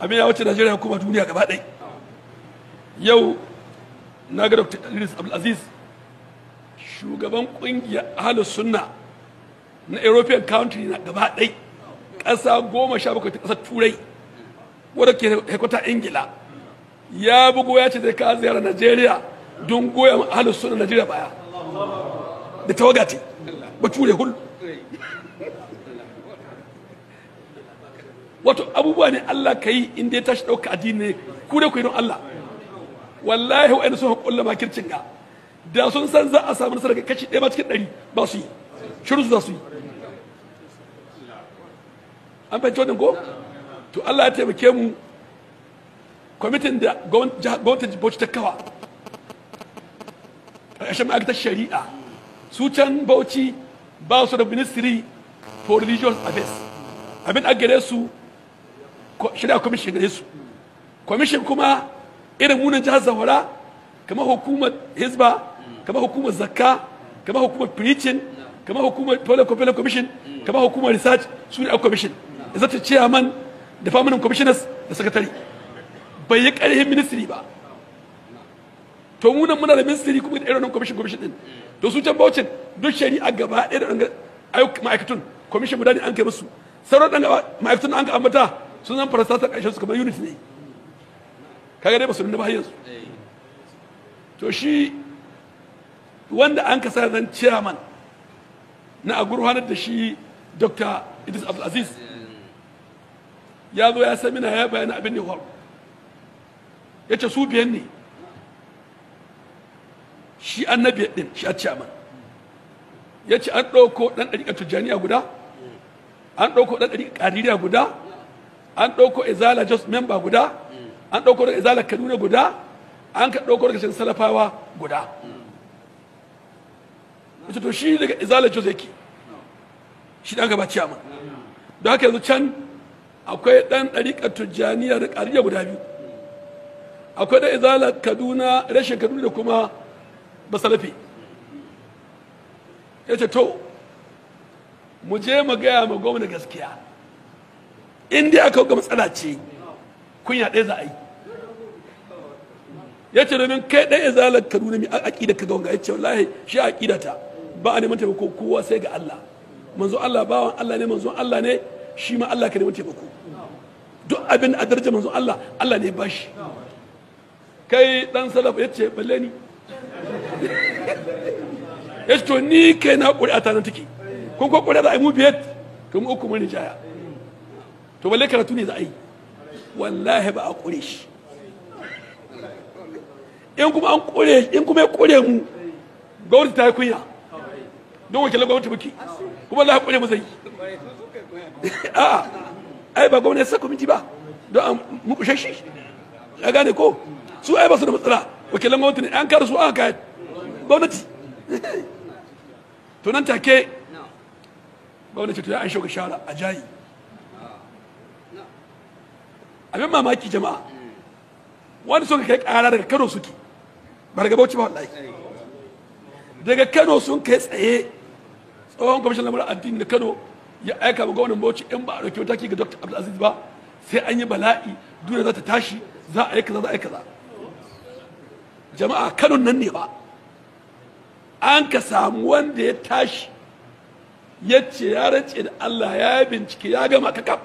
abin ya wuce najeriya kuma duniya gaba ɗai yau na ga dr idris abdulaziz shugaban ƙungiyar ahalus sunna na european country na gaba ɗai ƙasa goma sha bakwai ta ƙasar turai wadda ke haikwata ingila ya bugo ya ce zai ka ziyara najeriya don goyon ahalus sunna najeriya baya da tawagati bature hul wato abubuwa ne Allah ka yi inda ya tashi ɗauka addini ne ku da ku yi don Allah wallahi wa'anda sun lama kircin ga da sun san za a samu nasara ga kashi ɗaya ba cikin ɗari ba su yi shirin su za su yi an fahimci wannan ko to Allah ya taimake mu kwamitin da gwamnatin Bauchi ta kawa ƙarshen ma'aikatar shari'a su can Bauchi ba su da ministry for religious affairs abin a gare su shirya kwamishin gare su kwamishin kuma irin munan jihar zahora kamar hukumar hizba kamar hukumar zakka kamar hukumar preaching kamar hukumar toilet commission kamar hukumar research su ne a commission zata man da famunan commissioners da sakatari. bai yi ƙarfin ministry ba to munan muna da ministry kuma da irin wannan commission commission din to su can baucin duk shari'a gaba ɗaya da ma'aikatun commission guda ne an kai musu sauran ɗan gaba ma'aikatun an ka ambata sun zan farasta ta ƙarshen su kamar yunis ne kaga dai ba su ba yanzu to shi wanda an kasa zan chairman na a gurfanar da shi dr idris abdulaziz ya zo ya na ya bayani abin da faru ya ce su biyan ne shi annabi din shi a chairman ya ce an ɗauko ɗan ɗariƙar tujjaniya guda an ɗauko ɗan ɗariƙar ƙaririya guda an ɗauko izala just member guda an ɗauko izala kaduna guda an ka ɗauko daga salafawa guda wato to shi daga izala just yake shi ɗan gaba ciyama don haka yanzu can akwai ɗan ɗariƙa tujjaniya da ƙariya guda biyu akwai ɗan izala kaduna rashin kaduna da kuma basalafi ya ce to mu je mu gaya ma gwamna gaskiya in dai aka ga matsala ce kunya ɗaya za a yi ya ce domin kai ɗaya zalar kaduna mi aƙida ka ga wanga ya ce wallahi shi aƙida ta ba a neman taimako kowa sai ga Allah manzo Allah bawan Allah ne manzo Allah ne shi ma Allah ka neman taimako duk abin a daraja manzo Allah Allah ne ba shi kai dan salaf ya ce balle ni ya ce to ni kai na ƙuri'a ta nan take kun ko ƙuri'a a yi mu biyar to uku mun rijaya to balle karatu ne za a yi wallahi ba a kure shi in kuma an kure in kuma ya kure mu gwamnati ta yi kunya don wakilin gwamnati muke kuma za a kure mu zai a'a ai ba gwamnati sa kwamiti ba don an mukushe shi ya gane ko su ai ba su da matsala wakilan gwamnati ne an kara su aka kayar gwamnati to nan take gwamnati to ya an shauka shara a jayi abin mamaki jama'a wani suka kai kara daga kano suke ba daga bauchi ba wallahi daga kano sun kai tsaye tsohon kwamishin lamarin addini na kano ya aika ma gwamnan bauchi in ba a ɗauki mataki ga dr abdulaziz ba sai an yi bala'i duniya za ta tashi za a yi kaza za a yi kaza jama'a kano nan ne ba an ka samu wanda ya tashi ya ce ya rance da allah ya bincike ya gama kakaf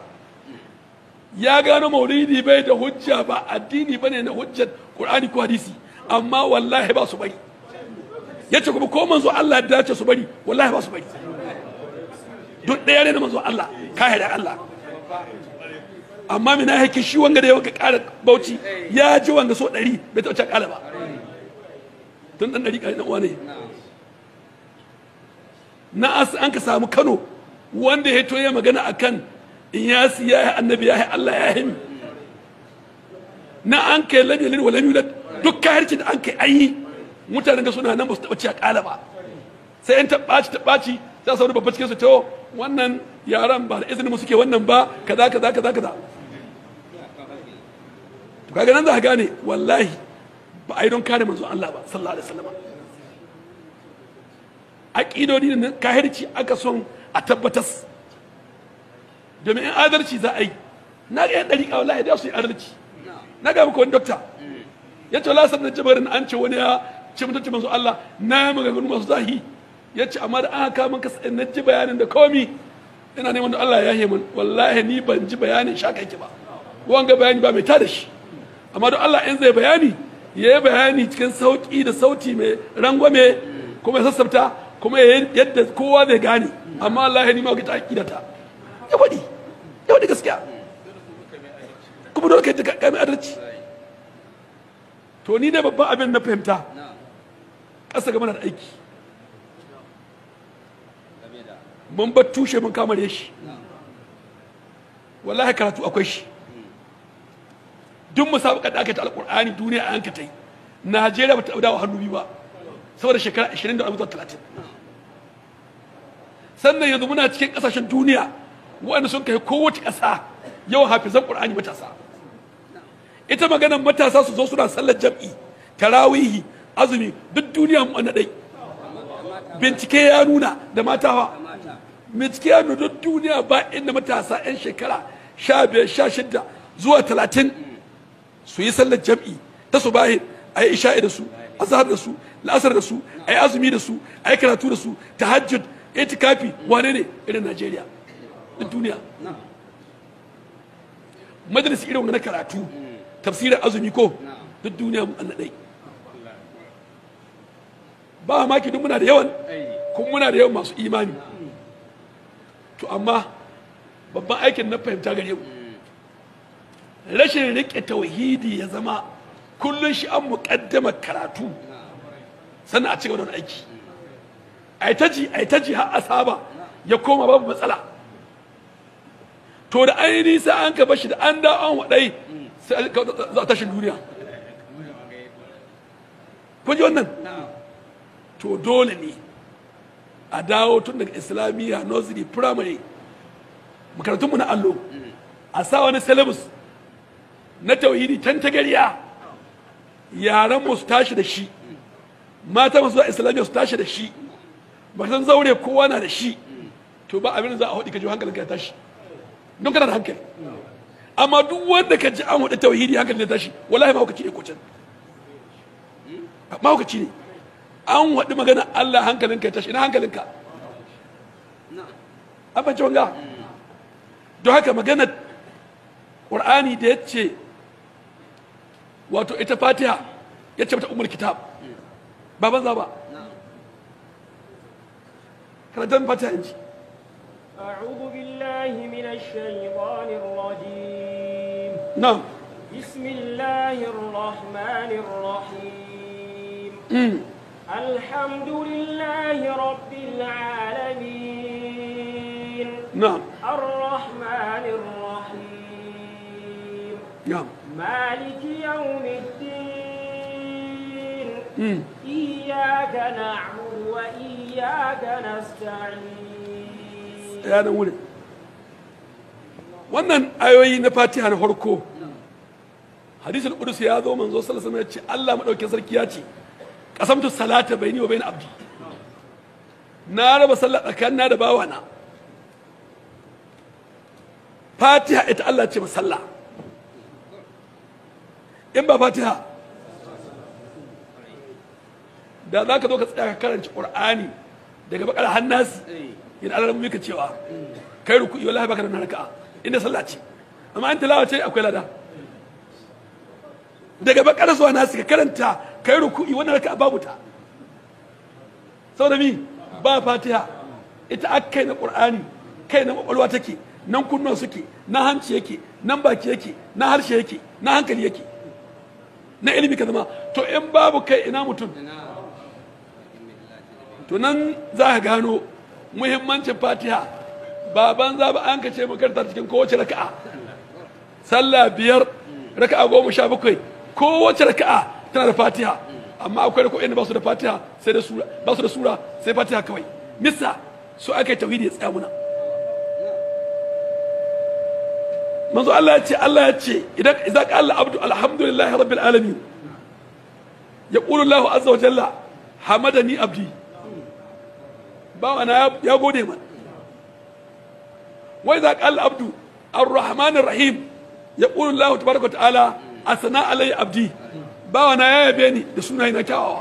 ya gano mauridi bai da hujja ba addini bane na hujjar qur'ani ko hadisi amma wallahi ba su bari yace kuma ko manzo Allah ya dace su bari wallahi ba su bari duk daya ne manzo Allah ka da Allah amma mina hakki shi wanga da yawaka ƙara bauchi ya ji wanga so ɗari bai taɓa cin ƙala ba tun ɗan ɗari ƙari uwa ne na as an ka samu kano wanda ya to ya magana akan in ya siya ya annabi ya yi Allah ya yi na an kai lam yalid wa lam yulad duk kahirci da an kai ayi mutanen ga suna nan ba su taɓa ci a kala ba sai in taɓaci taɓaci za su wani babba cikin su ce wannan yaran ba da izinin mu suke wannan ba kaza kaza kaza kaza to kaga nan za ka gane wallahi ba a yi don kare manzo Allah ba sallallahu alaihi wasallam aqidodi da kahirci aka son a tabbatas domin in adalci za a yi na ga yan dariƙa wallahi da su yi adalci na ga muku wani dokta ya ce lasar na jibarin an ce wani ya ce mutunci masu Allah na yi maganganu masu zahi ya ce amma da an haka kama kasa na ji bayanin da komi ina neman da Allah ya yi min wallahi ni ban ji bayanin shaka yake ba wanga bayani ba mai tada shi amma da Allah in zai bayani ya yi bayani cikin sauki da sauti mai rangwame kuma ya sassabta kuma yadda kowa zai gane amma Allah ya nima wa ta aƙidata ya faɗi yau da gaskiya kuma dole ka yi kai mai adalci to ni da babban abin na fahimta ƙasa game da aiki mun bar tushe mun ya shi wallahi karatu akwai shi duk musabakar da aka ta alƙur'ani duniya a yanka ta yi najeriya ba ta dawo hannu biyu ba saboda shekara 20 da 30 sannan yanzu muna cikin ƙasashen duniya waɗanda sun kai kowace ƙasa yawan hafizan ƙur'ani matasa ita maganar matasa su zo suna sallar jam'i tarawihi azumi duk duniya mu na dai bincike ya nuna da matawa bincike ya nuna duk duniya ba inda matasa 'yan shekara sha biyar sha shidda zuwa talatin su yi sallar jam'i ta su bahin a yi isha'i da su azhar da su la'asar da su a yi azumi da su a yi karatu da su tahajjud itikafi wane ne irin najeriya duk duniya majalisi irin na karatu tafsirin azumi ko duk duniya mu annaɗai ba maki duk muna da yawan kuma muna da yawan masu imani to amma babban aikin na fahimta gare mu rashin riƙe tauhidi ya zama kullum shi an muƙaddama karatu sannan a cigaba da aiki a yi taji a yi taji har ya koma babu matsala to da yi sai an ka bashi da an da an wadai sai za ta shi duniya kun ji wannan to dole ne a dawo tun daga islamiyya nursery primary makarantunmu na allo a sa wani syllabus na tauhidi can ta gariya yaran mu su tashi da shi mata masu zuwa islamiyya su tashi da shi makarantar zaure kowa na da shi to ba abin za a haɗi ka ji hankalin ka tashi don kana da hankali amma duk wanda ka ji an hudu tauhidi hankali na tashi wallahi mahaukaci ne ko can mahaukaci ne an hudu magana Allah hankalinka ya tashi ina hankalinka an fahimci wanga don haka maganar ƙur'ani da ya ce wato ita fatiha ya ce mata umar kitab ba banza ba karatun fatiha yanzu بالله من الشيطان الرجيم نعم بسم الله الرحمن الرحيم الحمد لله رب العالمين نعم الرحمن الرحيم نعم مالك يوم الدين إياك نعبد وإياك نستعين أنا ولد wannan ayoyi na fatiha na farko hadisul qudus ya zo manzo sallallahu alaihi wasallam ya ce Allah madaukakin sarki ya ce qasamtu salata baini wa bain abdi na raba sallah tsakanina da bawana fatiha ita Allah ce masalla in ba fatiha da za ka zo ka tsaya ka karanci qur'ani daga bakar hannasi in Allah mu mika cewa kai ruku'i wallahi baka da raka'a inda sallah ce amma an tilawa ce akwai lada daga bakar zuwa nasu ka karanta kai ruku'i wannan raka babu ta saboda mi ba fatiha ita akai na qur'ani kai na kwakwalwa take nan kunnuwa suke na hanci yake nan baki yake na harshe yake na hankali yake na ilimi ka zama to in babu kai ina mutum to nan za ka gano muhimmancin fatiha ba banza ba an kace mu cikin kowace raka'a sallah biyar raka'a goma sha bakwai kowace raka'a tana da fatiha amma akwai raka'a da ba su da fatiha sai da sura ba su da sura sai fatiha kawai misa su aka yi tauhidi ya tsaya muna manzo Allah ya ce Allah ya ce idan idza qala abdu alhamdulilahi rabbil alamin yaqulu Allahu azza wa jalla hamadani abdi bawana ya gode mana وإذا قال العبد الرحمن الرحيم يقول الله تبارك وتعالى أثنى علي عبدي باوانا يا بني دسونا هنا كاوا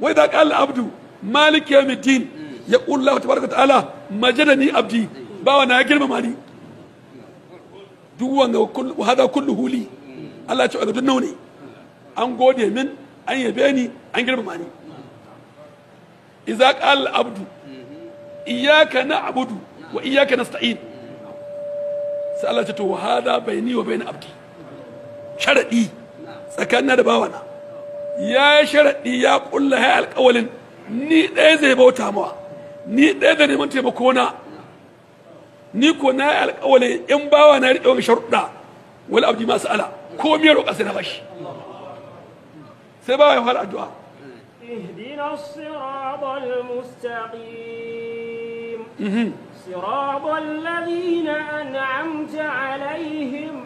وإذا قال العبد مالك يوم الدين يقول الله تبارك وتعالى مجدني عبدي باوانا يا كلمة مالي دوان وهذا كله لي الله تعالى دنوني أن قول يمن أن يبيني أن كلمة مالي إذا قال العبد إياك نعبد wa iyyaka nasta'in sai Allah ya ce to hada baini wa bain abdi sharadi tsakanina da bawana ya yi sharadi ya ƙulla ya alƙawalin ni ɗaya zai bauta mawa ni ɗaya da neman taimako na ni ko na yi alƙawalin in bawa na riƙe wani sharuɗa wani abdi masu ala ko miyar roƙa sai na bashi sai bawa ya fara addu'a صراط الذين أنعمت عليهم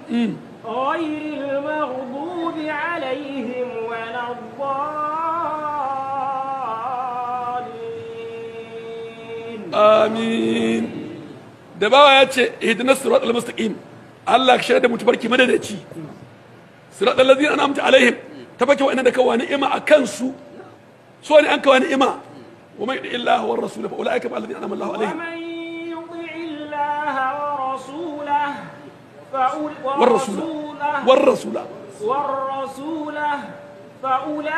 غير المغضوب عليهم ولا الضالين آمين دبوا يا شيخ اهدنا الصراط المستقيم Allah ka shaida mutubarki madadaci, sura ɗan lalazi na namta alaihim, ta fake wa ina da kawo ni'ima a kansu, so ne an kawo ni'ima ومن يطع الله ورسوله فاولئك مع الذين انعم الله عليهم ومن يطع الله ورسوله والرسول والرسول والرسول فأولئك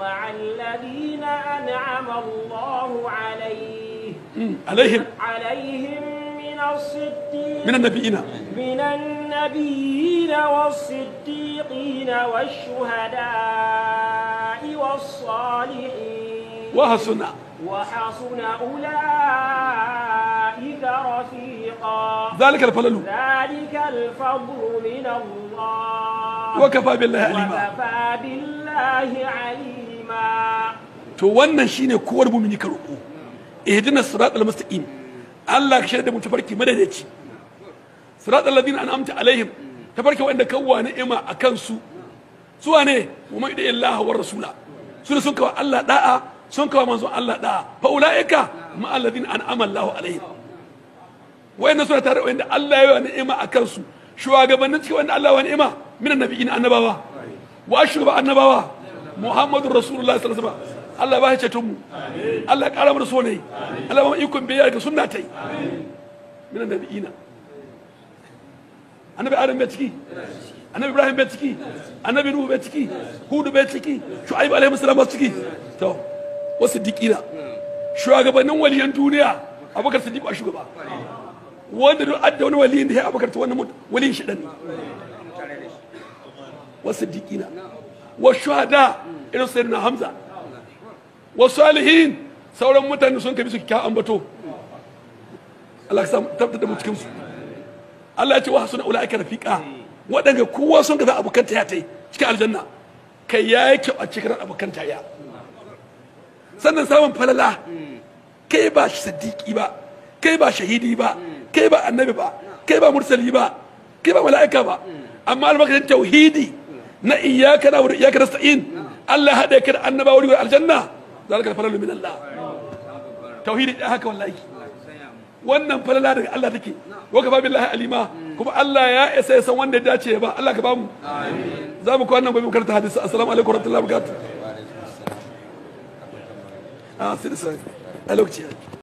مع الذين أنعم الله عليه عليهم عليهم من الصديقين من النبيين من النبيين والصديقين والشهداء والصالحين وحسن وحسن أولئك رفيقا ذلك الفضل ذلك الفضل من الله وكفى بالله عليما وكفى بالله عليما to wannan shine kowar mu ka roƙo ihdinas siratal mustaqim Allah ka shaida mu tafarki madaidaici siratal ladina an'amta alaihim tafarki wanda kawwa ni'ima akan su su wane mu mai da Allah war rasula su sun kawo Allah da'a sun kawo manzon Allah da fa ulaika ma alladhina an'ama Allahu alaihim wayannan suna tare wayanda Allah ya yi ni'ima akan su shugabannin cikin wanda Allah ya ni'ima min annabiyyin annabawa wa ashruba annabawa Muhammadur Rasulullah sallallahu alaihi wasallam Allah ba shi ceton mu Allah ya mana so ne Allah ba mu ikon biyayya ga sunna tai min annabiyina annabi Adam bai ciki annabi Ibrahim bai ciki annabi Nuhu bai ciki Hudu bai ciki Shu'aib alaihi salam bai ciki to wasu dikila shugabannin waliyan duniya abubakar siddiq ba shugaba wanda duk adda wani waliyin da ya abubakar ta wannan waliyin shi dan wasu dikila wa shuhada irin sayyidina hamza wasu alihin sauran mutane sun kabi su kya ambato Allah ya tabbata da mu cikin su Allah ya ce wa hasuna ulaika rafiqa waɗanda kowa sun ka za abokan ta ya tai cikin aljanna kai ya kyau a cikin abokan ta ya sannan samun falala kai ba siddiqi ba kai ba shahidi ba kai ba annabi ba kai ba mursali ba kai ba mala'ika ba amma albarkacin tauhidi na iyaka na iyyaka nasta'in Allah hada ka da annabawa wuri aljanna za zalika falalu min Allah tauhidi da haka wallahi wannan falala daga Allah take wa ka babillahi alima kuma Allah ya isa ya san wanda ya dace ba Allah ka bamu amin za mu kwana gobe mu karanta hadisi assalamu alaikum warahmatullahi wabarakatuh Ah, c'est ça. Allô, Thierry.